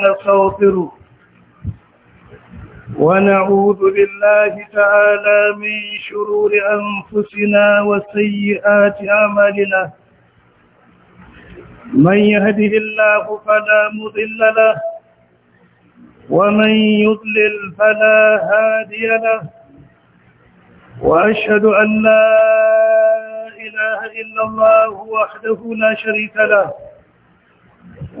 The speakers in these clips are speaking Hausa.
الخاطر ونعوذ بالله تعالى من شرور أنفسنا وسيئات أعمالنا من يهده الله فلا مضل له ومن يضلل فلا هادي له وأشهد أن لا إله إلا الله وحده لا شريك له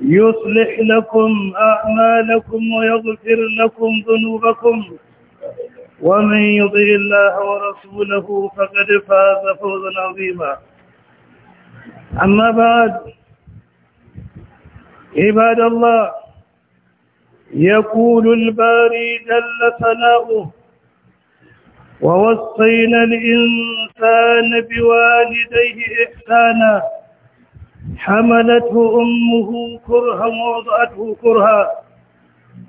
يصلح لكم أعمالكم ويغفر لكم ذنوبكم ومن يطع الله ورسوله فقد فاز فوزا عظيما أما بعد عباد الله يقول الباري جل ثناؤه ووصينا الإنسان بوالديه إحسانا حملته أمه كرها ووضعته كرها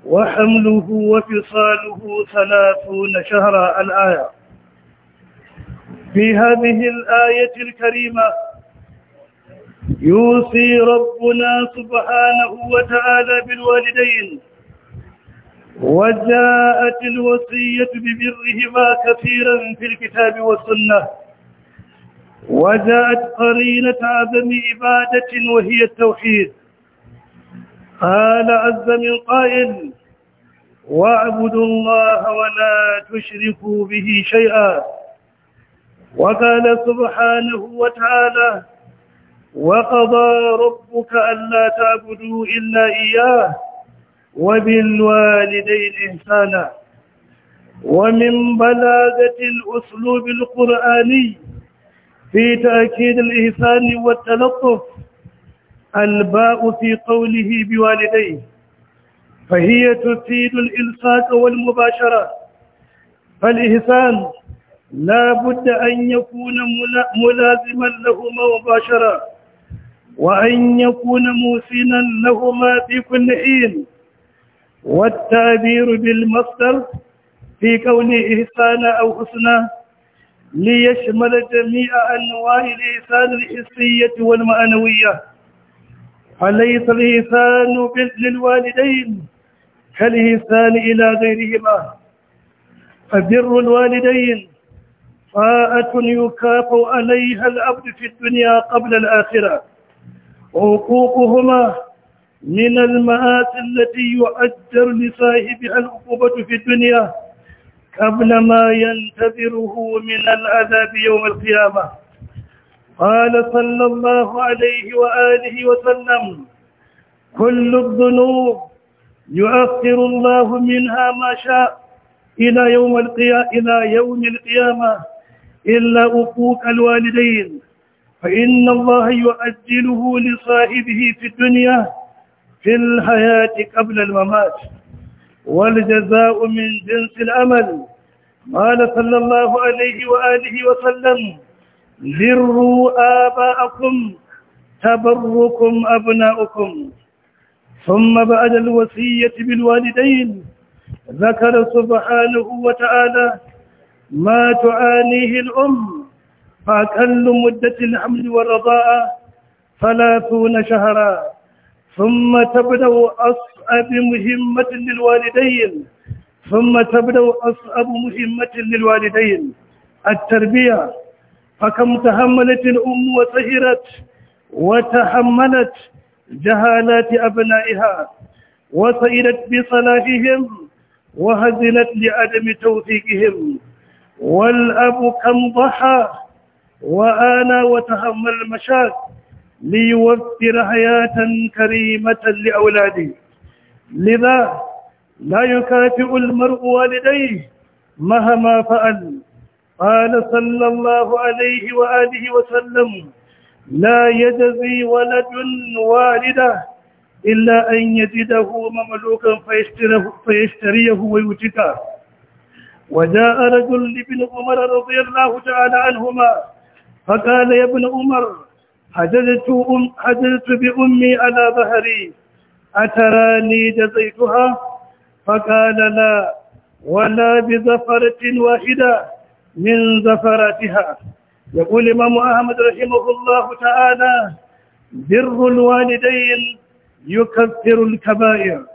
وحمله وفصاله ثلاثون شهرا الآية في هذه الآية الكريمة يوصي ربنا سبحانه وتعالى بالوالدين وجاءت الوصية ببرهما كثيرا في الكتاب والسنة وجاءت قرينة عدم عبادة وهي التوحيد قال عز من قائل واعبدوا الله ولا تشركوا به شيئا وقال سبحانه وتعالى وقضى ربك ألا تعبدوا إلا إياه وبالوالدين إحسانا ومن بلاغة الأسلوب القرآني في تأكيد الإحسان والتلطف الباء في قوله بوالديه فهي تفيد الإلصاق والمباشرة فالإحسان لا بد أن يكون ملازما لهما مباشرة وأن يكون موسنا لهما في كل حين والتعبير بالمصدر في كون إحسان أو حسنا ليشمل جميع أنواع الإحسان الحسية والمعنوية فليس الإحسان للوالدين كالإحسان إلى غيرهما فبر الوالدين طاعة يكاف عليها العبد في الدنيا قبل الآخرة عقوقهما من المآت التي يؤجر لصاحبها العقوبة في الدنيا قبل ما ينتظره من العذاب يوم القيامة قال صلى الله عليه وآله وسلم كل الذنوب يؤخر الله منها ما شاء إلى يوم القيامة إلى يوم القيامة إلا أقوق الوالدين فإن الله يؤجله لصاحبه في الدنيا في الحياة قبل الممات والجزاء من جنس الأمل قال صلى الله عليه وآله وسلم ذروا آباءكم تبركم أبناؤكم ثم بعد الوصية بالوالدين ذكر سبحانه وتعالى ما تعانيه الأم فأكل مدة الحمل والرضاء ثلاثون شهرا ثم تبدأ أصل أصعب مهمة للوالدين ثم تبدأ أصعب مهمة للوالدين التربية فكم تحملت الأم وسهرت وتحملت جهالات أبنائها وسئلت بصلاحهم وهزلت لعدم توفيقهم والأب كم ضحى وآنى وتحمل المشاق ليوفر حياة كريمة لأولاده لذا لا يكافئ المرء والديه مهما فعل قال صلى الله عليه وآله وسلم لا يجزي ولد والده إلا أن يجده مملوكا فيشتريه ويوجده وجاء رجل لابن عمر رضي الله تعالى عنهما فقال يا ابن عمر حجزت, حجزت بأمي على ظهري أتراني جزيتها فقال لا ولا بزفرة واحدة من زفراتها يقول الإمام أحمد رحمه الله تعالى بر الوالدين يكفر الكبائر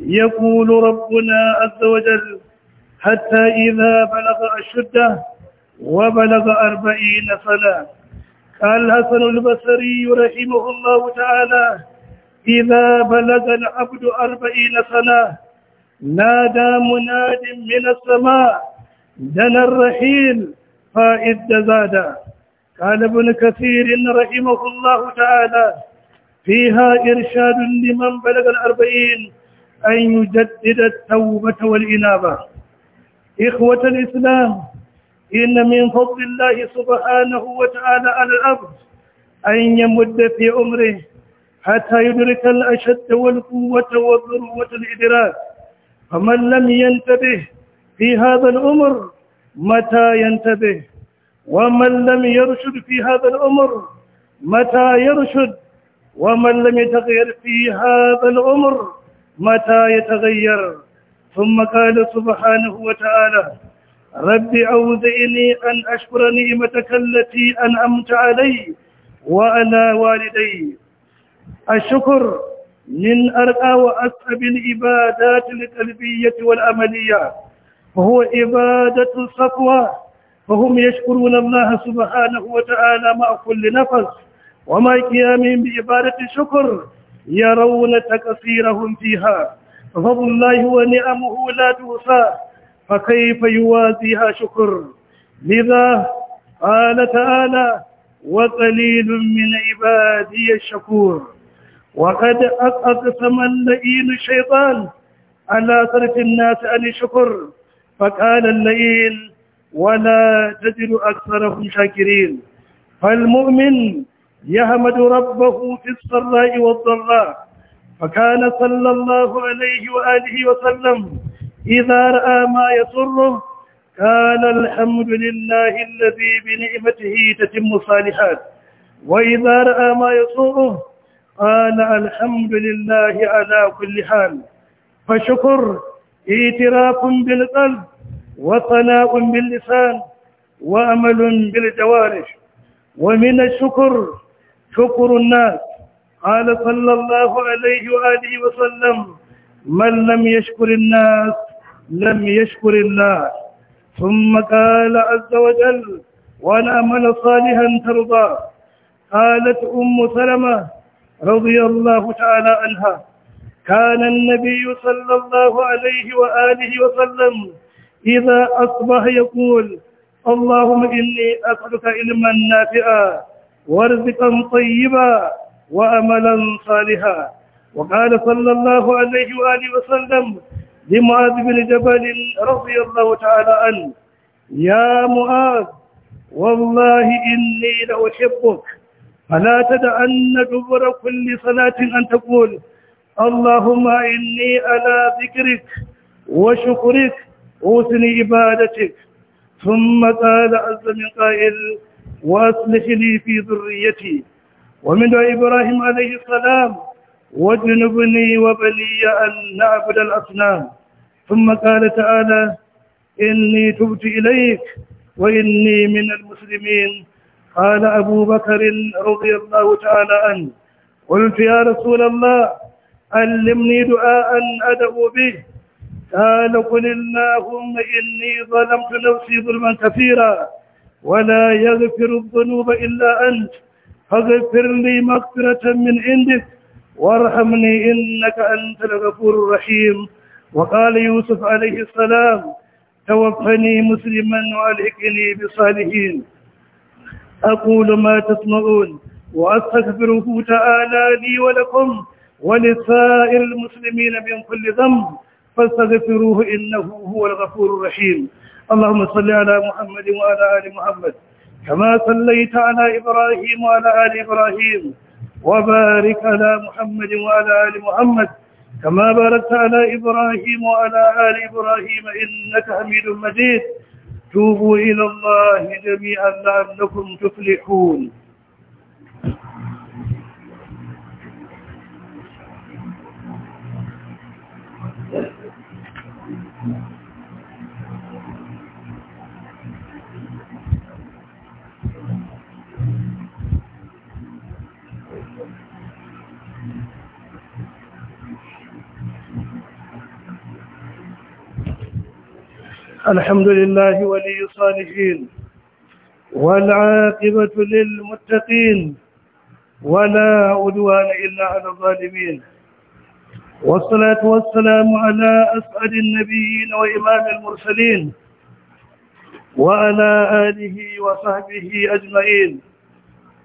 يقول ربنا عز وجل حتى إذا بلغ أشده وبلغ أربعين سنة قال الحسن البصري رحمه الله تعالى إذا بلغ العبد أربعين سنة نادى مناد من السماء دنا الرحيل فائد زادا قال ابن كثير رحمه الله تعالى فيها إرشاد لمن بلغ الأربعين أن يجدد التوبة والإنابة إخوة الإسلام إن من فضل الله سبحانه وتعالى على الأرض أن يمد في عمره حتى يدرك الأشد والقوة والذروة الإدراك فمن لم ينتبه في هذا الأمر متى ينتبه ومن لم يرشد في هذا الأمر متى يرشد ومن لم يتغير في هذا الأمر متى يتغير ثم قال سبحانه وتعالى رب أوزئني أن أشكر نعمتك التي أنعمت علي وأنا والدي الشكر من أرقى وأسأب العبادات القلبية والعملية وهو عبادة الصفوة فهم يشكرون الله سبحانه وتعالى مع كل نفس ومع قيامهم بعبادة الشكر يرون تقصيرهم فيها فضل الله ونعمه لا توصى فكيف يوازيها شكر لذا قال تعالى وقليل من عبادي الشكور وقد أقسم اللئيم الشيطان على صرف الناس عن الشكر فقال اللئيم ولا تجد أكثرهم شاكرين فالمؤمن يحمد ربه في السراء والضراء فكان صلى الله عليه وآله وسلم إذا رأى ما يسره قال الحمد لله الذي بنعمته تتم الصالحات وإذا رأى ما يسره قال الحمد لله على كل حال فشكر اعتراف بالقلب وطلاء باللسان وأمل بالجوارح ومن الشكر شكر الناس قال صلى الله عليه وآله وسلم من لم يشكر الناس لم يشكر الله ثم قال عز وجل وأنا من صالحا ترضى قالت أم سلمة رضي الله تعالى عنها كان النبي صلى الله عليه وآله وسلم إذا أصبح يقول اللهم إني أسألك علما نافعا ورزقا طيبا وأملا صالحا وقال صلى الله عليه وآله وسلم لمعاذ بن جبل رضي الله تعالى عنه يا معاذ والله إني لأحبك فلا تدعن دبر كل صلاة أن تقول اللهم إني على ذكرك وشكرك أوثني عبادتك ثم قال عز من قائل وأصلحني في ذريتي ومن إبراهيم عليه السلام واجنبني وبني أن نعبد الأصنام ثم قال تعالى إني تبت إليك وإني من المسلمين قال أبو بكر رضي الله تعالى عنه قلت يا رسول الله علمني دعاء أدعو به قال قل اللهم إني ظلمت نفسي ظلما كثيرا ولا يغفر الذنوب إلا أنت فاغفر لي مغفرة من عندك وارحمني إنك أنت الغفور الرحيم وقال يوسف عليه السلام توفني مسلما وألحقني بالصالحين أقول ما تسمعون وأستغفره تعالى لي ولكم ولسائر المسلمين من كل ذنب فاستغفروه إنه هو الغفور الرحيم اللهم صل على محمد وعلى آل محمد كما صليت على إبراهيم وعلى آل إبراهيم وبارك على محمد وعلى آل محمد كما باركت على إبراهيم وعلى آل إبراهيم إنك حميد مجيد توبوا إلى الله جميعا لعلكم تفلحون الحمد لله ولي الصالحين والعاقبة للمتقين ولا عدوان إلا على الظالمين والصلاة والسلام على أسعد النبيين وإمام المرسلين وعلى آله وصحبه أجمعين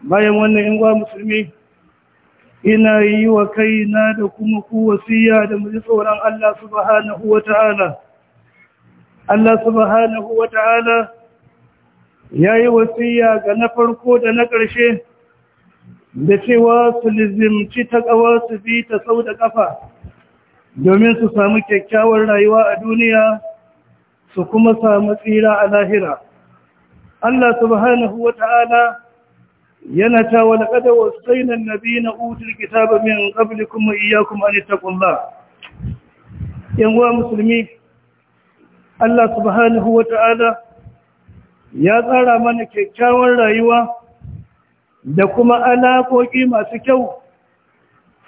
bayan wannan yan uwa musulmi ina yi wa kaina da kuma ku wasiya da mu ji tsoron Allah subhanahu wa ta'ala Allah subhanahu wa ta'ala ya yi wasiya ga na farko da na ƙarshe da cewa su lizimci ta ƙawa su bi ta sau da ƙafa domin su samu kyakkyawar rayuwa a duniya su kuma samu tsira a lahira. Allah subhanahu wa ta'ala yana ta wani ƙada wasu na biyu na hutun kitaba min ƙabli kuma iyakun an ta ‘Yan wa musulmi, Allah subhanahu wa ta'ala ya tsara mana kyakkyawan rayuwa da kuma alaƙoƙi masu kyau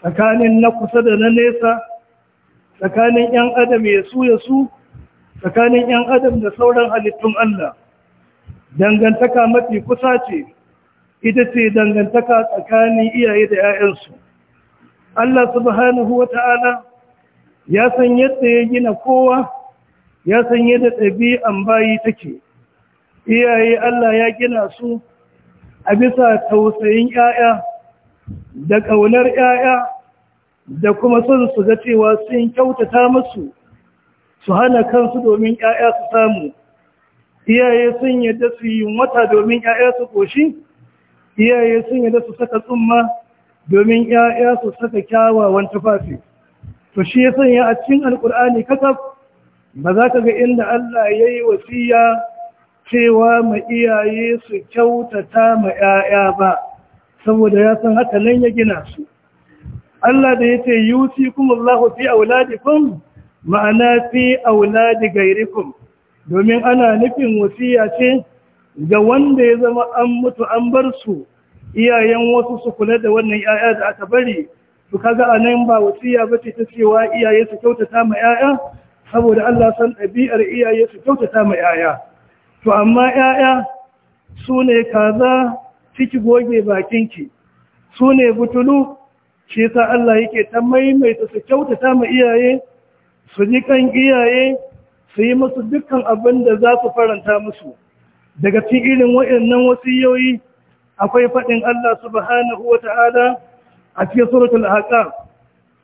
tsakanin na kusa da na nesa tsakanin ‘yan adam ya su ya su tsakanin ‘yan adam da sauran halittun Allah dangantaka mafi kusa ce ita ce dangantaka tsakanin iyaye da ‘ya'yansu Allah subhanahu wa ta'ala ya san yadda ya gina kowa ya san yadda ɗabi'an bayi take iyaye Allah ya gina su a bisa tausayin 'ya'ya da ƙaunar 'ya'ya da kuma son su ga cewa sun kyautata masu su hana kansu domin 'ya'ya su samu iyaye sun yadda su yi wata domin 'ya'ya su ƙoshi iyaye sun yadda su saka tsumma domin 'ya'ya su saka kyawawan tufafi to shi ya sanya a cikin alkur'ani kasaf ba za ka ga inda Allah ya yi wasiya cewa ma iyaye su kyautata ma 'ya'ya ba saboda ya san haka nan ya gina su Allah da ya ce yusi kuma Allah fi auladikum ma'ana fi auladi gairikum domin ana nufin wasiya ce ga wanda ya zama an mutu an bar su iyayen wasu su kula da wannan 'ya'ya da aka bari su kaga anan ba wasiya ce ta cewa iyaye su kyautata ma 'ya'ya saboda Allah san ɗabi'ar iyaye su kyautata ma 'ya'ya to amma 'ya'ya su ne kaza ciki goge bakinki su ne butulu shi sa Allah yake ta maimaita su kyautata ma iyaye su ji kan iyaye su yi musu dukkan abin da za su faranta musu daga cikin irin waɗannan wasiyoyi akwai faɗin Allah subhanahu wa ta'ala a cikin suratul haƙa.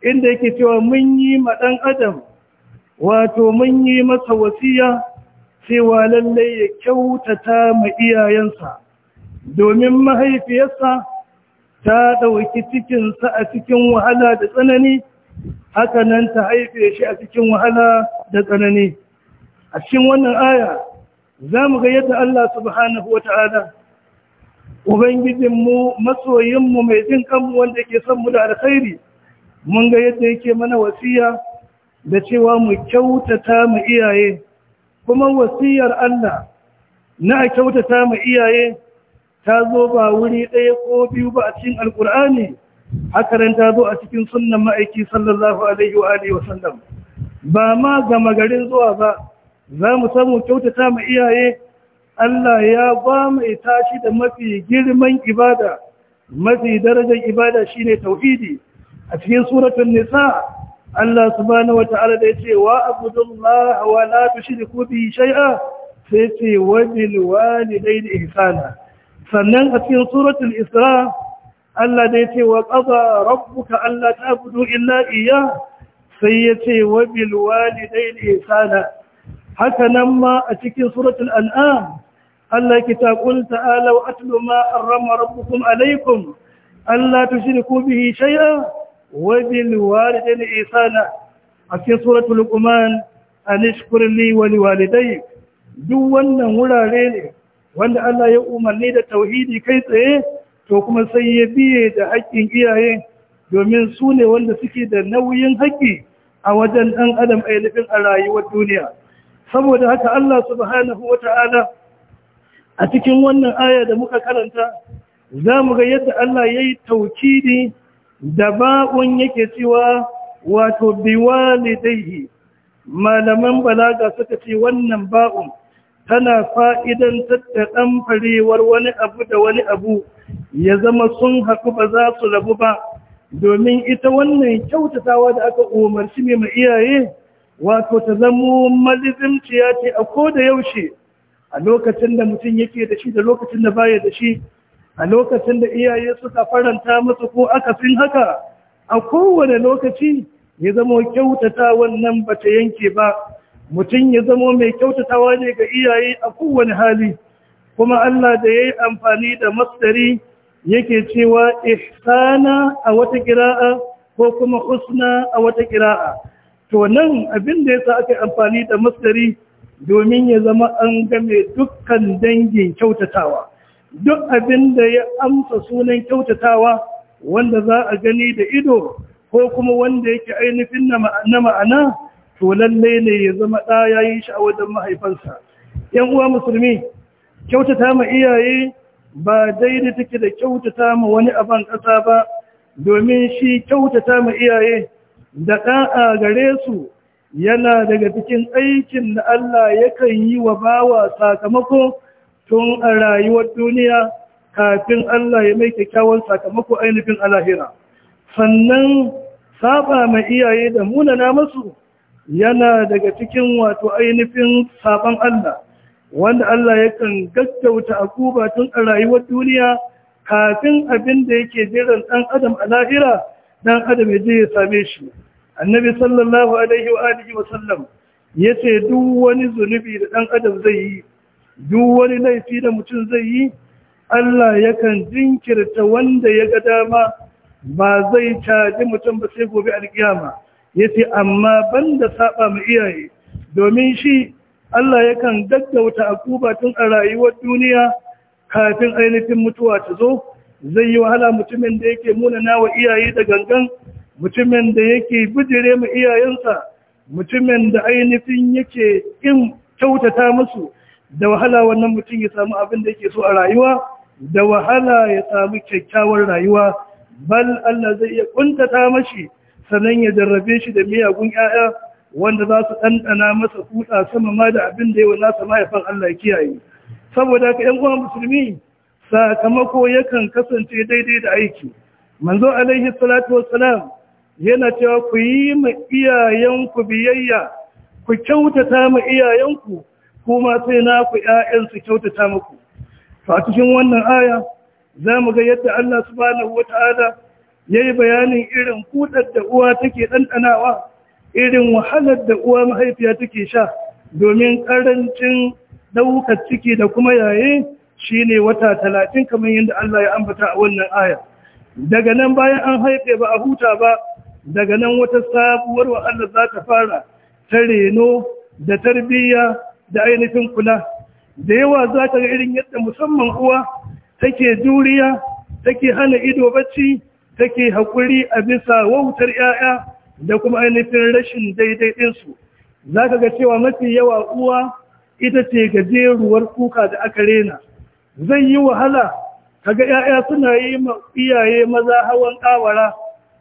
inda yake cewa mun yi ma ɗan adam wato mun yi masa wasiya cewa lallai ya kyautata ma iyayensa domin mahaifiyarsa ta ɗauki cikinsa a cikin wahala da tsanani haka nan ta haife shi a cikin wahala da tsanani a cikin wannan aya za mu ga yadda Allah subhanahu wa ta'ala Ubangijinmu masoyinmu mai jin kanmu wanda ke son mu da alkhairi mun ga yadda yake mana wasiya da cewa mu kyautata mu iyaye kuma wasiyar Allah na kyautata mu iyaye ta zo ba wuri ɗaya ko biyu ba a cikin alkur'ani haka nan ta zo a cikin sunnan ma'aiki sallallahu alaihi wa alihi wasallam ba ma gama garin zuwa ba za mu samu kyautata mu iyaye Allah ya ba mu tashi da mafi girman ibada mafi darajar ibada shine tauhidi a cikin suratul nisa Allah subhanahu wata'ala da yace wa abudullah wa la tushriku bi shay'a sai ce wa bil walidayni ihsana sannan a cikin suratul isra Allah da yace wa qada rabbuka alla ta'budu illa iyyah sai yace wa bil walidayni ihsana haka nan ma a cikin suratul an'am Allah ki ta qul ta'ala wa atlu ma harrama rabbukum alaykum alla tushriku bihi shay'a وبالوالدين a في سورة لقمان أن اشكر wani walidai? duk wannan wurare ne wanda Allah ya umarni da tauhidi kai tsaye to kuma sai ya biye da haƙƙin iyaye domin su ne wanda suke da nauyin haƙƙi a wajen ɗan adam ainihin a rayuwar duniya saboda haka Allah subhanahu wata'ala a cikin wannan aya da muka karanta za mu ga yadda Allah ya yi taukidi da ba'un yake cewa wato Biwali daihi, malaman balaga suka ce wannan ba'un tana fa'idan tattaɗan farewar wani abu da wani abu ya zama sun haku ba za su rabu ba domin ita wannan kyautatawa da aka umarci mai iyaye wato ta zama malizimciya ce a ko da yaushe a lokacin da mutum yake da shi da lokacin da baya da shi a lokacin da iyaye suka faranta masa ko aka fin haka a kowane lokaci ya zama kyautata wannan bata yanke ba mutum ya zama mai kyautatawa ne ga iyaye a kowane hali kuma Allah da ya yi amfani da masdari yake cewa ihsana a wata kira'a ko kuma husna a wata kira'a to nan abin da yasa aka amfani da masdari domin ya zama an game dukkan dangin kyautatawa duk abin da ya amsa sunan kyautatawa wanda za a gani da ido ko kuma wanda yake ainihin na ma'ana to lalle ne ya zama ɗa ya yi shi a wajen mahaifansa yan uwa musulmi kyautata ma iyaye ba daidai take da kyautata ma wani aban ƙasa ba domin shi kyautata ma iyaye da ɗa'a gare su yana daga cikin aikin da Allah yakan yi wa bawa sakamako tun a rayuwar duniya kafin Allah ya mai kyakkyawan sakamako ainihin alahira sannan saba mai iyaye da munana masu yana daga cikin wato ainihin saban Allah wanda Allah ya yakan gaggauta kuba tun a rayuwar duniya kafin abin da yake jiran ɗan adam alahira ɗan adam ya je ya same shi annabi sallallahu alaihi wa alihi wa sallam yace duk wani zunubi da ɗan adam zai yi duk wani laifi da mutum zai yi Allah ya kan jinkirta wanda ya ga dama ba zai caji mutum ba sai gobe alkiyama ce. amma ban da saba mu iyaye domin shi Allah ya kan gaggauta akuba tun a rayuwar duniya kafin ainihin mutuwa ta zo zai yi wahala mutumin da yake munana wa iyaye da gangan mutumin da yake bijire mu iyayensa mutumin da ainihin yake in kyautata musu da wahala wannan mutum ya samu abin da yake so a rayuwa da wahala ya samu kyakkyawar rayuwa bal Allah zai iya kuntata mashi sanan ya jarrabe shi da miyagun 'ya'ya wanda za su ɗanɗana masa kuɗa sama ma da abin da yawa nasa mahaifin Allah kiyaye saboda haka ƴan uwan musulmi sakamako yakan kasance daidai da aiki manzo alaihi salatu wassalam yana cewa ku yi ma iyayenku biyayya ku kyautata ma iyayenku kuma sai na ku ƴaƴan su kyautata muku to a cikin wannan aya za mu ga yadda Allah su subhanahu wata'ala yayi bayanin irin kudar da uwa take ɗanɗanawa, irin wahalar da uwa mahaifiya take sha domin karancin ɗaukar ciki da kuma yaye shine wata talatin kamar yadda Allah ya ambata a wannan aya daga nan bayan an haife ba a huta ba daga nan wata sabuwar wa Allah za ta fara ta reno da tarbiyya da ainihin kula da yawa za ka ga irin yadda musamman uwa take juriya take hana ido bacci take haƙuri a bisa wautar 'ya'ya da kuma ainihin rashin daidai ɗinsu za ka ga cewa mafi yawa uwa ita ce gajeruwar kuka da aka rena zai yi wahala ka ga 'ya'ya suna yi ma iyaye maza hawan ƙawara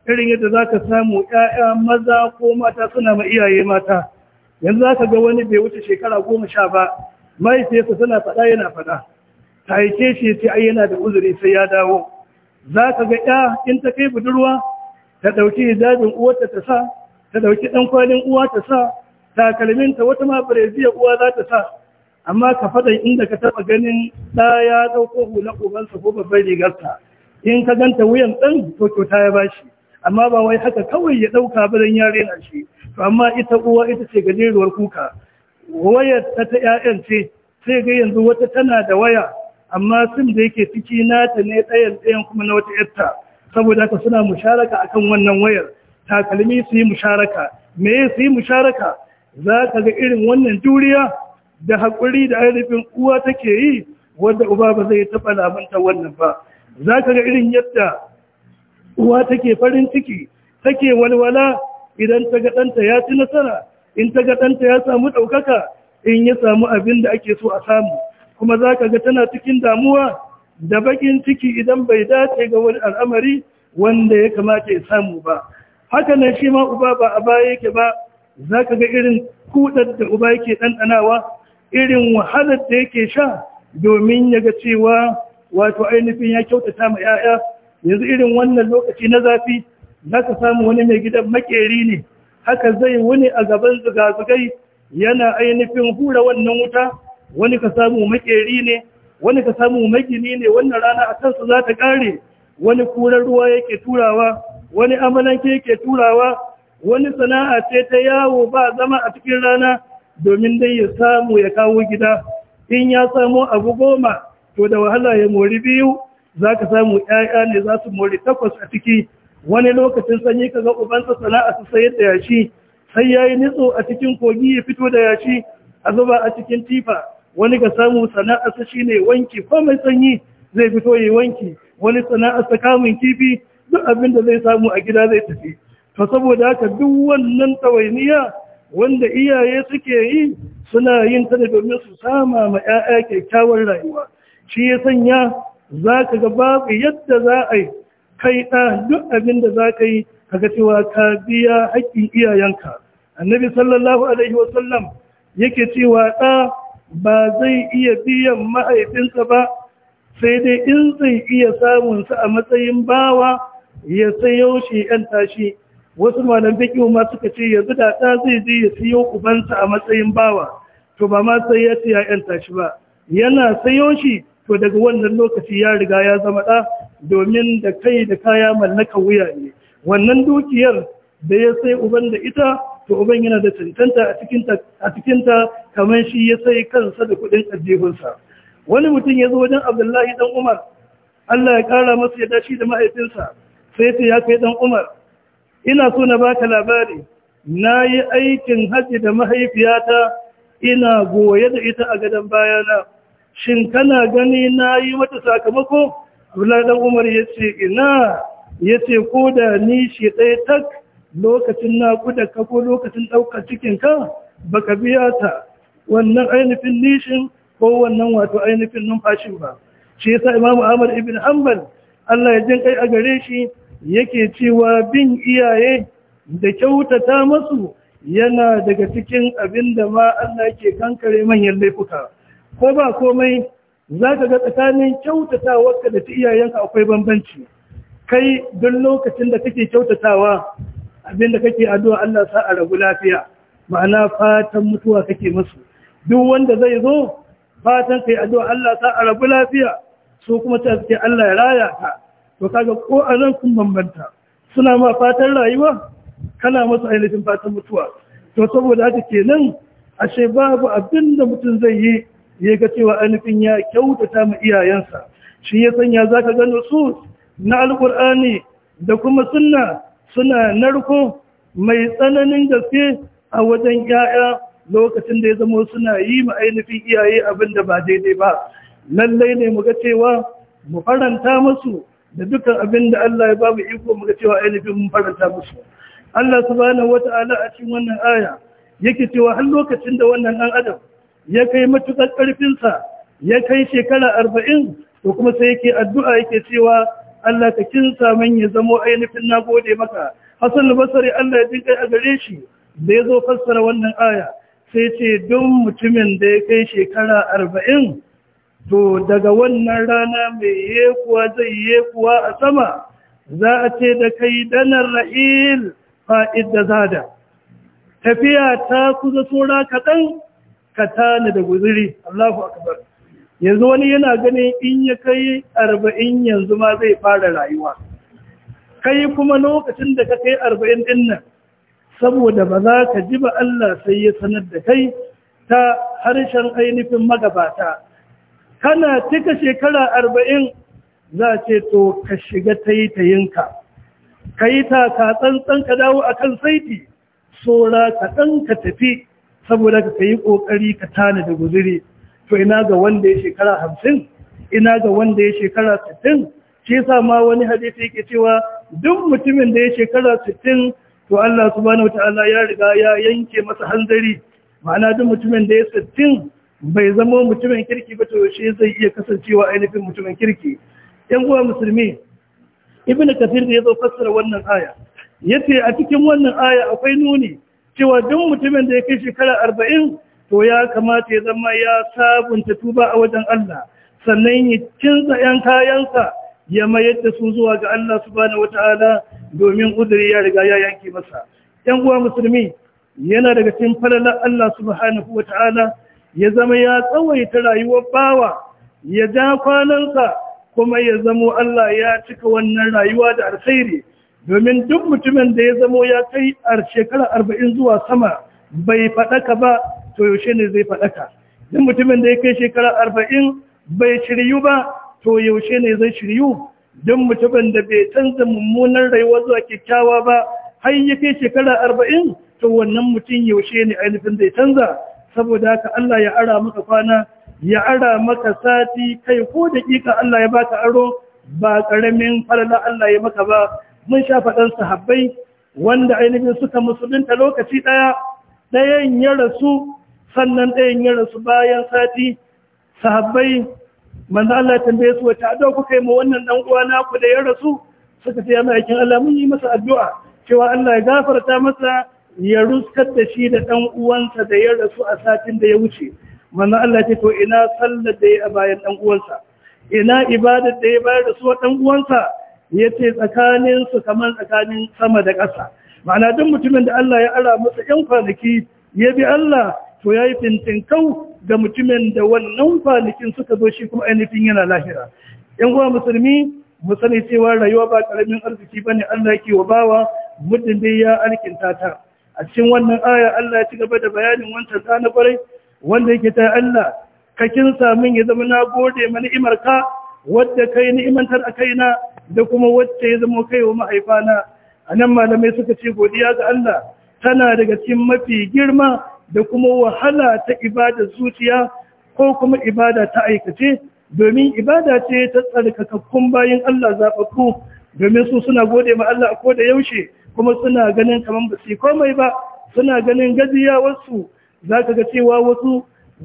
irin yadda za ka samu 'ya'ya maza ko mata suna ma iyaye mata yanzu za ka ga wani bai wuce shekara goma sha ba mahaifiyarsa suna faɗa yana faɗa ta aike shi ya ce ai yana da uzuri sai ya dawo za ka ga ya in ta kai budurwa ta ɗauki hijabin uwarta ta sa ta ɗauki ɗan kwalin uwa ta sa ta wata ma bareziya uwa za ta sa amma ka faɗa inda ka taɓa ganin ɗa ya ɗauko hula ubansa ko babban rigarsa in ka ganta wuyan ɗan to kyauta ya bashi amma ba wai haka kawai ya ɗauka ba dan yare na shi to amma ita uwa ita ce gajeruwar kuka wayar ta ta 'ya'yan ce sai ga yanzu wata tana da waya amma sun da yake ciki ta ne dayan ɗayan kuma na wata yarta saboda haka suna musharaka akan wannan wayar takalmi su yi musharaka me su yi musharaka za ka ga irin wannan juriya da hakuri da ainihin uwa take yi Wanda uba ba zai taɓa lamunta wannan ba za ka ga irin yadda uwa take farin ciki take walwala idan ta ga ɗanta ya ci nasara in ta ga ɗanta ya samu ɗaukaka in ya samu abin da ake so a samu kuma za ka ga tana cikin damuwa da bakin ciki idan bai dace ga wani al'amari wanda ya kamata ya samu ba haka nan shi ma uba ba a baya yake ba za ka ga irin kudar da uba yake ɗanɗanawa irin wahalar da yake sha domin ya ga cewa wato ainihin ya kyautata ma 'ya'ya yanzu irin wannan lokaci na zafi za ka samu wani mai gidan makeri ne haka zai wuni a gaban zuga yana ainihin hura wannan wuta wani ka samu makeri ne wani ka samu magini ne wannan rana a kansu za ta ƙare wani kuran ruwa yake turawa wani amalanke yake turawa wani sana'a ce ta yawo ba zama a cikin rana domin dai ya samu ya kawo gida in ya samu abu goma to da wahala ya mori biyu za ka samu ‘ya'ya ne za su more takwas a ciki wani lokacin sanyi ka ga ubansa sana'a su sayar da yashi sai ya yi nitso a cikin kogi ya fito da yashi a zuba a cikin tifa wani ga samu sana'a su shi ne wanki ko mai sanyi zai fito ya wanki wani sana'a su kamun kifi duk abin da zai samu a gida zai tafi to saboda haka duk wannan tawainiya wanda iyaye suke yi suna yin ta domin su sama ma 'ya'ya kyakkyawar rayuwa shi ya sanya za ka ga babu yadda za a yi kai ɗa duk abin da za ka yi ka ga cewa ka biya haƙƙin iyayenka annabi sallallahu alaihi wasallam yake cewa ɗa ba zai iya biyan mahaifinsa ba sai dai in zai iya samunsa a matsayin bawa ya sayo shi ‘yan tashi wasu malam fikiyo ma suka ce yanzu da ɗa zai je ya siyo ubansa a matsayin bawa to ba ma sai ya siya ‘yan tashi ba yana sayo shi to daga wannan lokaci ya riga ya zama ɗa domin da kai da kaya mallaka wuya ne wannan dukiyar da ya sai uban da ita to uban yana da cancanta a a cikinta kamar shi ya sai kansa da kudin ajihunsa wani mutum ya zo wajen abdullahi dan umar allah ya kara masa ya dashi da mahaifinsa sai sai ya kai dan umar ina so na baka labari nayi aikin haji da mahaifiyata ina goye da ita a gadon bayana shin kana gani na yi mata sakamako abdullahi ɗan umar ya ce ina ya ce ko da ni shi ɗaya tak lokacin naƙuda ka ko lokacin ɗaukar cikinka ba ka biya ta wannan ainihin nishin ko wannan wato ainihin numfashin ba shi yasa imamu ahmad ibn hanbal allah ya jin kai a gare shi yake cewa bin iyaye da kyautata masu yana daga cikin abin da ma allah ke kankare manyan laifuka ko ba komai za ka ga tsakanin kyautatawarka da ta iyayenka akwai bambanci kai duk lokacin da kake kyautatawa abinda kake addu'a Allah sa a ragu lafiya ma'ana fatan mutuwa kake musu duk wanda zai zo fatan kai addu'a Allah sa a ragu lafiya su kuma ta suke Allah ya raya ta to kaga ko a nan kun bambanta suna ma fatan rayuwa kana masu ainihin fatan mutuwa to saboda haka kenan ashe babu abinda mutum zai yi ya ga cewa ainihin ya kyautata mu iyayensa shi ya sanya za ka gano su na alkur'ani da kuma sunna suna narko mai tsananin gaske a wajen 'ya'ya lokacin da ya zama suna yi ma ainihin iyaye abin da ba daidai ba lallai ne mu muga cewa mu faranta musu da dukkan abin da Allah ya ba mu iko muga cewa ainihin mu faranta musu Allah subhanahu wata'ala a cikin wannan aya yake cewa har lokacin da wannan dan adam ya kai matuƙar ƙarfinsa ya kai shekara arba'in da kuma sai yake addu'a yake cewa Allah ka kinsa min ya zamo ainihin na gode maka Hassan Basri Allah ya jin kai a gare shi da ya zo fassara wannan aya sai ce don mutumin da ya kai shekara arba'in to daga wannan rana mai yekuwa zai yekuwa a sama za a ce da kai danar ra'il fa'id da zada tafiya ta kusa tsora kaɗan ka tana da guzuri Allahu akbar yanzu wani yana ganin in ya kai arba'in yanzu ma zai fara rayuwa kai kuma lokacin da ka kai arba'in din nan saboda ba za ka ji ba Allah sai ya sanar da kai ta harshen ainihin magabata kana cika shekara arba'in za ce to ka shiga taitayinka ka yi taka tsantsan ka dawo akan kan saiti tsora kaɗan ka tafi saboda ka yi kokari ka tana da guzuri to ina ga wanda ya shekara hamsin ina ga wanda ya shekara sittin shi yasa ma wani hadisi yake cewa duk mutumin da ya shekara sittin to Allah subhanahu wataala ya riga ya yanke masa hanzari ma'ana duk mutumin da ya sittin bai zama mutumin kirki ba to shi zai iya kasancewa ainihin mutumin kirki yan uwa musulmi ibnu kathir ya zo fassara wannan aya yace a cikin wannan aya akwai nuni cewa duk mutumin da ya kai shekara arba'in to ya kamata ya zama ya sabunta tuba a wajen Allah sannan ya kinsa 'yan kayansa ya mayar da su zuwa ga Allah subhanahu wataala domin uzuri ya riga ya yanke masa yan uwa musulmi yana daga cikin falalar Allah subhanahu wataala ya zama ya tsawaita rayuwar bawa ya ja kwanansa kuma ya zamo Allah ya cika wannan rayuwa da alkhairi domin duk mutumin da ya zamo ya kai a shekara arba'in zuwa sama bai faɗaka ba to yaushe ne zai faɗaka duk mutumin da ya kai shekara arba'in bai shiryu ba to yaushe ne zai shiryu duk mutumin da bai canza mummunan rayuwa zuwa kyakkyawa ba har ya kai shekara arba'in to wannan mutum yaushe ne ainihin zai canza saboda haka Allah ya ara maka kwana ya ara maka sati kai ko daƙiƙa Allah ya baka aro ba ƙaramin falala Allah ya maka ba mun shafa ɗan sahabbai wanda ainihin suka musulunta lokaci ɗaya ɗayan ya rasu sannan ɗayan ya rasu bayan sati sahabbai manzo Allah ya tambaye su wata addu'a kuka yi ma wannan dan uwa ku da ya rasu suka ce yana aikin Allah mun yi masa addu'a cewa Allah ya gafarta masa ya ruskar da shi da dan uwansa da ya rasu a satin da ya wuce manzo Allah ce to ina sallar da ya bayan dan uwansa ina ibadar da ya bayar da su dan uwansa ya ce tsakaninsu kamar tsakanin sama da ƙasa ma'ana duk mutumin da Allah ya ara masa ‘yan kwanaki ya bi Allah to ya yi fintinkau ga mutumin da wannan kwanakin suka zo shi kuma ainihin yana lahira ‘yan uwa musulmi mu sani cewa rayuwa ba ƙaramin arziki ba ne Allah ke wa bawa muddin dai ya alkinta ta a cikin wannan aya Allah ya ci gaba da bayanin wancan ta na kwarai wanda yake ta Allah ka kin min ya zama na gode ma ni'imarka wadda kai ni'imantar a kaina da kuma wacce ya zama kaiwa mahaifana, a nan malamai suka ce godiya ga Allah tana daga cikin mafi girma da kuma wahala ta ibada zuciya ko kuma ibada ta aikace domin ibada ce ta tsarkakakkun bayan Allah zaɓaɓɓu domin su suna gode ma Allah ko da yaushe kuma suna ganin kamar ba su komai ba suna ganin gajiya wasu, za ka ga cewa wasu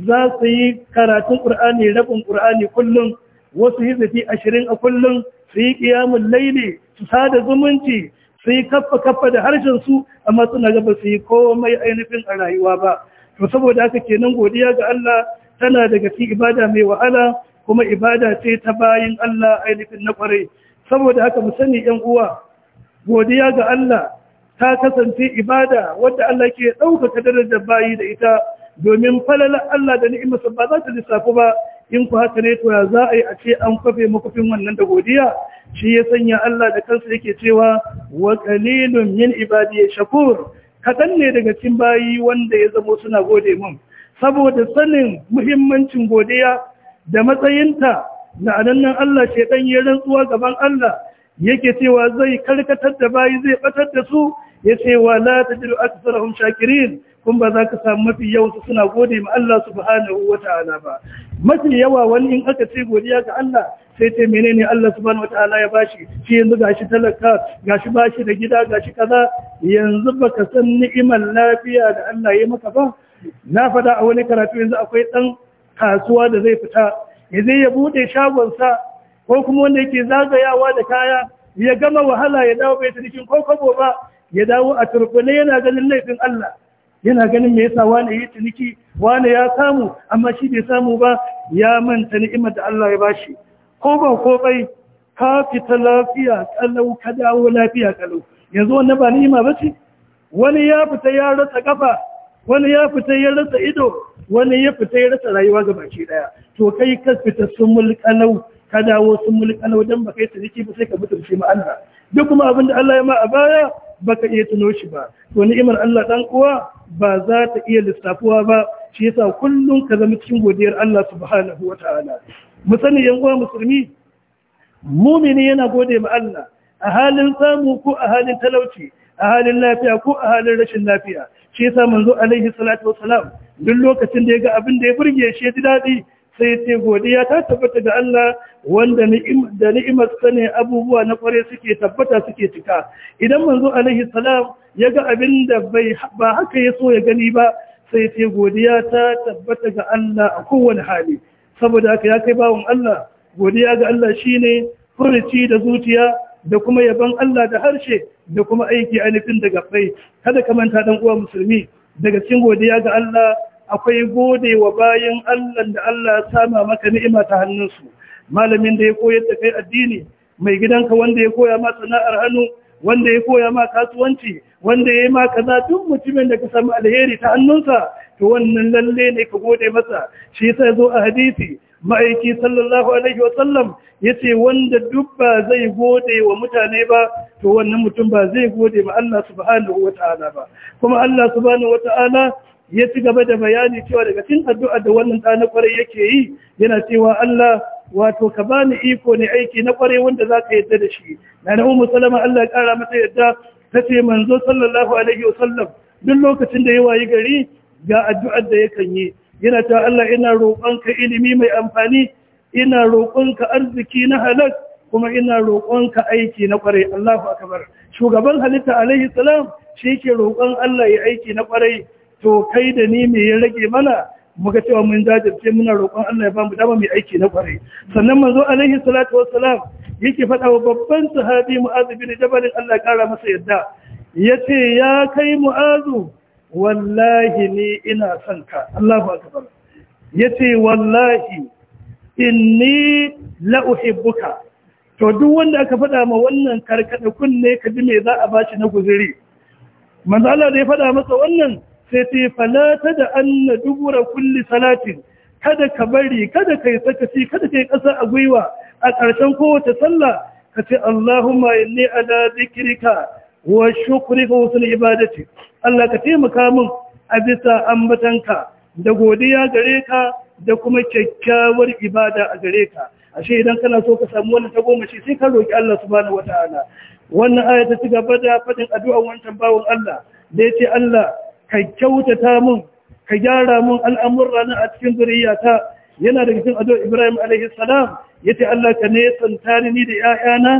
za su yi karatun ƙur'ani rabin ƙur'ani kullum wasu yi zafi ashirin a kullum su yi ƙiyamun laili su sada zumunci su yi kaffa kaffa da harshen su amma suna gaba su yi komai ainihin a rayuwa ba to saboda haka kenan godiya ga Allah tana daga cikin ibada mai wahala kuma ibada ce ta bayin Allah ainihin na kwarai saboda haka mu sani ƴan uwa godiya ga Allah ta kasance ibada wadda Allah ke ɗaukaka darajar bayi da ita domin falala Allah da ni'imarsa ba za ta lissafu ba in ku haka ne to ya za a yi a ce an kwafe makofin wannan da godiya shi ya sanya Allah da kansa yake cewa wa qalilun min ibadi shakur kadan ne daga cikin bayi wanda ya zamo suna gode mun saboda sanin muhimmancin godiya da matsayinta annan Allah dan ya rantsuwa gaban Allah yake cewa zai karkatar da bayi zai batar da su ya ce wa la tajidu aktharahum shakirin kun ba za ka samu mafi yawansu suna gode ma Allah subhanahu wata'ala ba mafi yawa wani in aka ce godiya ga Allah sai ce menene Allah subhanahu wataala ya bashi shi yanzu gashi talaka gashi bashi da gida gashi kaza yanzu baka san ni'imar lafiya da Allah ya maka ba na fada a wani karatu yanzu akwai dan kasuwa da zai fita ya zai ya bude shagonsa ko kuma wanda yake zagayawa da kaya ya gama wahala ya dawo bai cikin ko ba ya dawo a turkune yana ganin laifin Allah yana ganin me yasa wani yayi tuniki wani ya samu amma shi bai samu ba ya manta ni'imar da Allah ya bashi ko ba ko bai ka fita lafiya kalau ka dawo lafiya kalau yanzu wannan ba ni'ima ba ce wani ya fita ya rasa kafa wani ya fita ya rasa ido wani ya fita ya rasa rayuwa ga baki daya to kai ka fita sun kalau ka dawo sun mulkalau dan ba kai tuniki ba sai ka mutunci shi Allah duk kuma abinda Allah ya ma a baya baka iya tuno shi ba to ni'imar Allah dan uwa ba za ta iya lissafuwa ba shi yasa kullum ka zama cikin godiyar Allah subhanahu wataala mu sani yan uwa musulmi mumini yana gode ma Allah a halin samu ko a halin talauci a halin lafiya ko a halin rashin lafiya shi yasa manzo alaihi salatu wassalam duk lokacin da ya ga abin da ya burge shi ya ji daɗi sai ce godiya ta tabbata ga Allah wanda da ni'imar sane abubuwa na kware suke tabbata suke cika idan manzo alaihi salam ya ga abin da bai ba haka ya so ya gani ba sai ce godiya ta tabbata ga Allah a kowane hali saboda haka ya kai bawon Allah godiya ga Allah shine furuci da zuciya da kuma yaban Allah da harshe da kuma aiki ainihin daga fai kada ka manta dan uwa musulmi daga cikin godiya ga Allah akwai gode wa bayan Allah da Allah ya sama maka ni'ima ta hannunsu malamin da ya koyar da kai addini mai gidanka wanda ya koya ma sana'ar hannu wanda ya koya ma kasuwanci wanda ya yi ma kaza duk mutumin da ka samu alheri ta hannunsa to wannan lalle ne ka gode masa shi sai zo a hadisi ma'aiki sallallahu alaihi wa sallam yace wanda duk ba zai gode wa mutane ba to wannan mutum ba zai gode ma Allah subhanahu wa ta'ala ba kuma Allah subhanahu wa ta'ala ya ci gaba da bayani cewa daga cikin addu'a da wannan ɗa na ƙwarai yake yi yana cewa Allah wato ka bani iko ne aiki na kwarai wanda za ka yadda da shi na na umu Allah ya kara mata yadda ta ce manzo sallallahu alaihi sallam. duk lokacin da ya wayi gari ga addu'ar da yakan yi yana cewa Allah ina roƙonka ilimi mai amfani ina roƙonka arziki na halak kuma ina roƙonka aiki na kwarai. Allahu akbar shugaban halitta alaihi salam shi ke roƙon Allah ya aiki na kwarai. to kai da ni me ya rage mana muka cewa mun jajirce muna roƙon Allah ya ba mu dama mai aiki na kwarai sannan manzo alaihi salatu wassalam yake faɗa wa babban sahabi mu'azu bin jabal Allah ƙara masa yadda yace ya kai mu'azu wallahi ni ina son ka Allahu akbar yace wallahi inni la uhibbuka to duk wanda aka faɗa ma wannan karkada kunne ka ji me za a bashi na guzuri manzo Allah da ya faɗa masa wannan sai yi falata da anna dubura kulli salatin kada ka bari kada kai sakaci kada kai ƙasa a gwiwa a ƙarshen kowace sallah ka ce Allahumma inni ala zikrika wa shukrika wa sun ibadati Allah ka taimaka min a bisa ambatanka da godiya gare ka da kuma kyakkyawar ibada a gare ka ashe idan kana so ka samu wannan tagomashi sai ka roki Allah subhanahu wataala wannan aya ta ci gaba da faɗin addu'an wancan bawon Allah da ce Allah ka kyautata mun ka gyara mun al'amurra na a cikin zuriyata yana da cikin ado Ibrahim alaihi ya ce Allah ka ne santani ni da 'ya'yana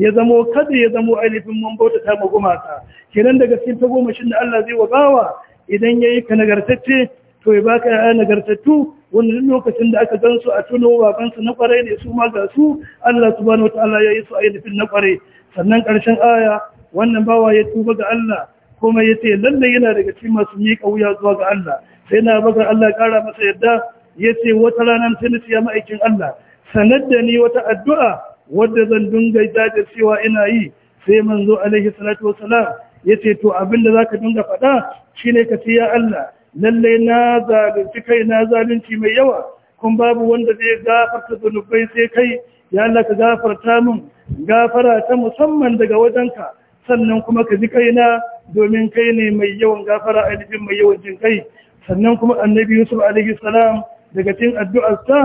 ya zamo kada ya zamo ainihin mun bautata ma gumaka kenan daga cikin ta goma shi da Allah zai wabawa idan yayi ka nagartacce to ya baka 'ya'ya nagartattu duk lokacin da aka gan su a tuno baban na kwarai ne su ma ga su Allah subhanahu wataala ya yi su ainihin na kwarai sannan karshen aya wannan bawa ya tuba ga Allah kuma ya ce lalle yana daga cikin masu miƙa wuya zuwa ga Allah sai na baka Allah ƙara masa yadda ya ce wata ranar sai na ciya ma'aikin Allah sanar da ni wata addu'a wadda zan dinga dajar cewa ina yi sai manzo alaihi salatu wasalam ya ce to abin da za ka dunga faɗa shine ka ce ya Allah lalle na zalunci kai na zalunci mai yawa kun babu wanda zai gafarta zunubai sai kai ya Allah ka gafarta min gafara ta musamman daga wajenka sannan kuma ka ji kaina domin kai ne mai yawan gafara ainihin mai yawan jin kai sannan kuma annabi yusuf alaihi salam daga cikin sa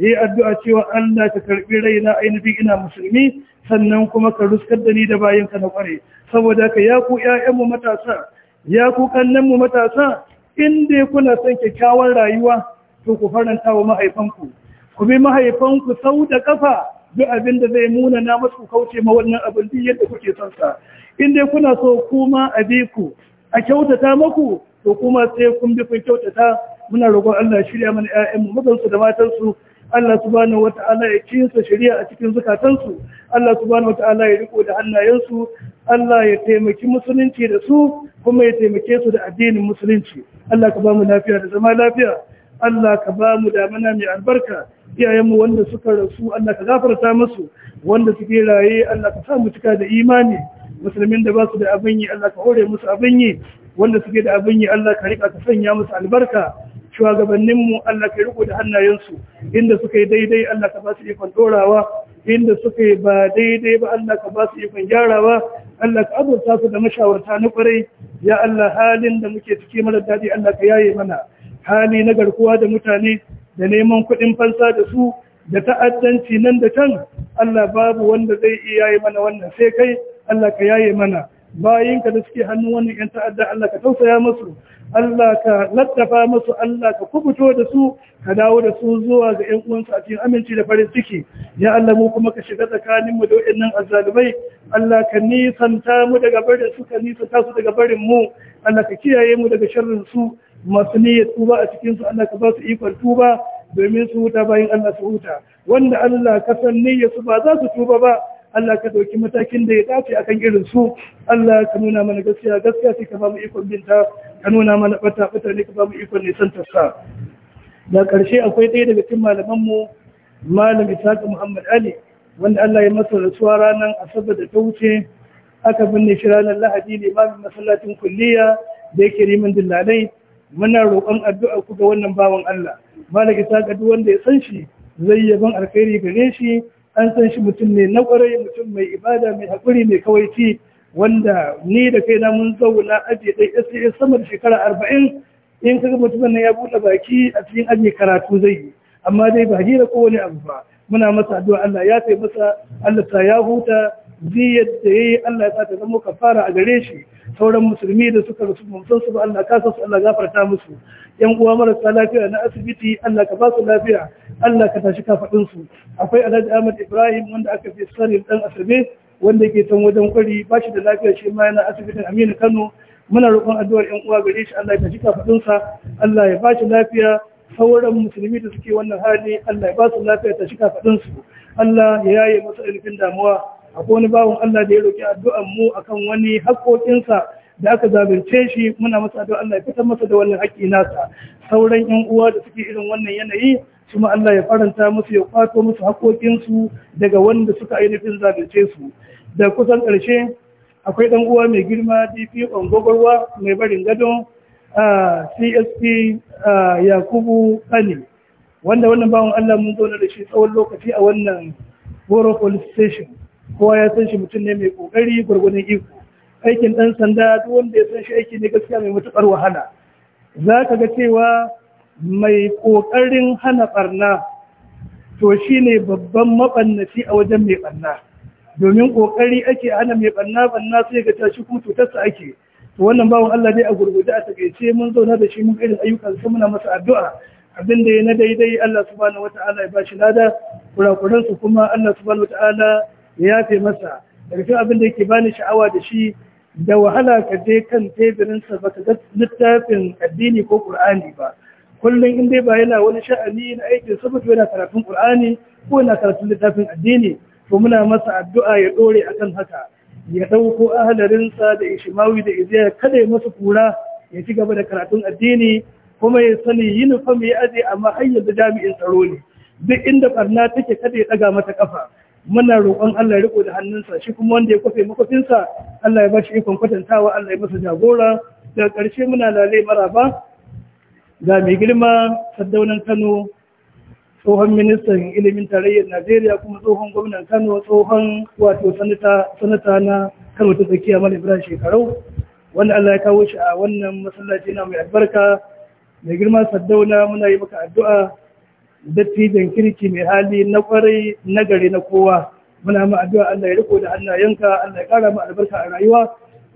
yayi addu'a cewa Allah ka karbi raina ainihin ina musulmi sannan kuma ka ruskar da ni da ka na kware saboda ka ya ku mu matasa ya ku mu matasa in dai kuna son kyakkyawan rayuwa to ku faranta wa mahaifanku ku bi mahaifanku sau da kafa duk abin da zai muna na masu kauce ma wannan abin duk yadda kuke son sa in dai kuna so kuma a bi ku a kyautata maku to kuma sai kun bi kun kyautata muna roƙon Allah shirya mana ƴaƴan mu mazan su da matan su Allah subhanahu wata'ala ya su shari'a a cikin zukatansu Allah subhanahu wata'ala ya riko da hannayensu Allah ya taimaki musulunci da su kuma ya taimake su da addinin musulunci Allah ka ba mu lafiya da zama lafiya Allah ka ba mu damana mai albarka iyayenmu wanda suka rasu Allah ka gafarta musu wanda suke raye Allah ka sa mu cika da imani musulmin da ba su da abin yi Allah ka hore musu abin yi wanda suke da abin yi Allah ka rika ka sanya musu albarka shugabanninmu Allah ka riko da hannayensu inda suka yi daidai Allah ka ba su ikon dorawa inda suka yi ba daidai ba Allah ka ba su ikon gyarawa Allah ka azurta su da mashawarta na kwarai ya Allah halin da muke ciki mara daɗi Allah ka yaye mana hali na garkuwa da mutane da neman kuɗin fansa da su da ta'addanci nan da can Allah babu wanda zai iya yi mana wannan sai kai Allah ka yaye mana bayinka da suke hannu wannan yan ta'adda Allah ka tausaya musu Allah ka lattafa musu Allah ka kubuto da su ka dawo da su zuwa ga ƴan uwansu a cikin aminci da farin ciki ya Allah mu kuma ka shiga tsakanin mu da wayannan azzalumai Allah ka nisanta mu daga barin su ka nisanta su daga barin mu Allah ka kiyaye mu daga sharrin su masu niyyar tuba a cikin su Allah ka ba su ikon tuba domin su huta bayan Allah su huta wanda Allah ka san niyyar su ba za su tuba ba Allah ka dauki matakin da ya dace akan irin su Allah ka nuna mana gaskiya gaskiya sai ka ba mu ikon binta ka nuna mana bata bata ne ka ba mu ikon nisan sa da ƙarshe akwai ɗaya daga cikin mu malam Isaac Muhammad Ali wanda Allah ya masa rasuwa ranan asabar da ta wuce aka binne shi ranar lahadi limamin masallacin kulliya da yake rimin dillalai muna roƙon addu'a ku ga wannan bawan Allah Malam ta ga wanda ya san shi zai yaban alkhairi gare shi an san shi mutum ne na kwarai mutum mai ibada mai haƙuri mai kawaici wanda ni da kaina mun zauna aji ɗai sai sama da shekara arba'in in kaga mutumin nan ya buɗe baki a cikin aji karatu zai yi amma dai ba hira ko wani abu ba muna masa addu'a Allah ya taimaka, masa Allah ta ya huta ziyar da yayi Allah ya sa ta zama kafara a gare shi sauran musulmi da suka rasu mamsan su ba Allah ka su Allah gafarta musu yan uwa marasa lafiya na asibiti Allah ka ba su lafiya Allah ka tashi kafadin su akwai Alhaji Ahmad Ibrahim wanda aka fi sani dan asabe wanda ke can wajen kwari ba shi da lafiya shi ma yana asibitin Aminu Kano muna roƙon addu'ar yan uwa gare shi Allah ya tashi kafadin sa Allah ya ba shi lafiya sauran musulmi da suke wannan hali Allah ya ba su lafiya ta shika faɗin su Allah ya yaye masu ilfin damuwa akwai wani bawan Allah da ya roƙi addu'an mu a kan wani haƙoƙinsa da aka zabirce shi muna masa addu'a Allah ya fitar masa da wannan haƙi nasa sauran 'yan uwa da suke irin wannan yanayi kuma Allah ya faranta musu ya kwato musu haƙoƙinsu daga wanda suka ainihin zabirce su da kusan ƙarshe akwai ɗan uwa mai girma dp ongogorwa mai barin gado a csp yakubu Kani. wanda wannan bawan Allah mun zauna da shi tsawon lokaci a wannan boro police station kowa ya san shi mutum ne mai kokari gwargwadon iko aikin ɗan sanda duk wanda ya san shi aiki ne gaskiya mai matuƙar wahala za ka ga cewa mai ƙoƙarin hana ɓarna to shi ne babban maɓannaci a wajen mai barna domin ƙoƙari ake hana mai ɓanna ɓanna sai ga tashi kuma cutarsa ake to wannan bawan Allah dai a gurguje a takaice mun zauna da shi mun irin ayyukan sa muna masa addu'a abin da ya na daidai Allah subhanahu wata'ala ya bashi lada kurakuransu kuma Allah subhanahu wata'ala ya fi masa ƙarfi abin da yake bani sha'awa da shi da wahala ka je kan teburinsa ba ka ga littafin addini ko ƙur'ani ba kullum in dai ba yana wani sha'ani na aikin saboda yana karatun ƙur'ani ko yana karatun littafin addini to muna masa addu'a ya ɗore akan haka ya ɗauko ahalarinsa da ishimawi da iziya kada ya masa kura ya ci gaba da karatun addini kuma ya sani yin fam ya aje amma hanyar da jami'in tsaro ne duk inda ɓarna take kada ya ɗaga mata ƙafa. muna roƙon Allah ya riko da hannunsa shi kuma wanda ya kwafe makwafinsa Allah ya ba shi ikon kwatantawa Allah ya masa jagora Da ƙarshe muna lale maraba ga mai girma saddaunan Kano tsohon ministan ilimin tarayyar Najeriya kuma tsohon gwamnan Kano tsohon wato sanata na Kano ta tsakiya Mal Ibrahim Shekarau wanda Allah ya kawo shi a wannan masallaci na mai albarka mai girma saddauna muna yi maka addu'a dattijan kirki mai hali na kwarai na gari na kowa muna ma addu'a Allah ya riko da yanka. Allah ya kara mu albarka a rayuwa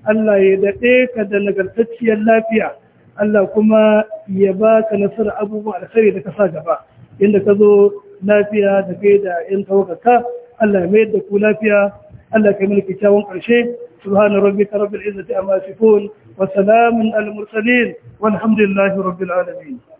Allah ya dade ka da nagartacciyar lafiya Allah kuma ya baka nasara abubuwa alkhairi da ka sa gaba inda ka zo lafiya da kai da yan tawakkalka Allah ya mayar da ku lafiya Allah ya kai kyawun karshe subhana rabbika rabbil izzati amma yasifun wa salamun al mursalin walhamdulillahi rabbil alamin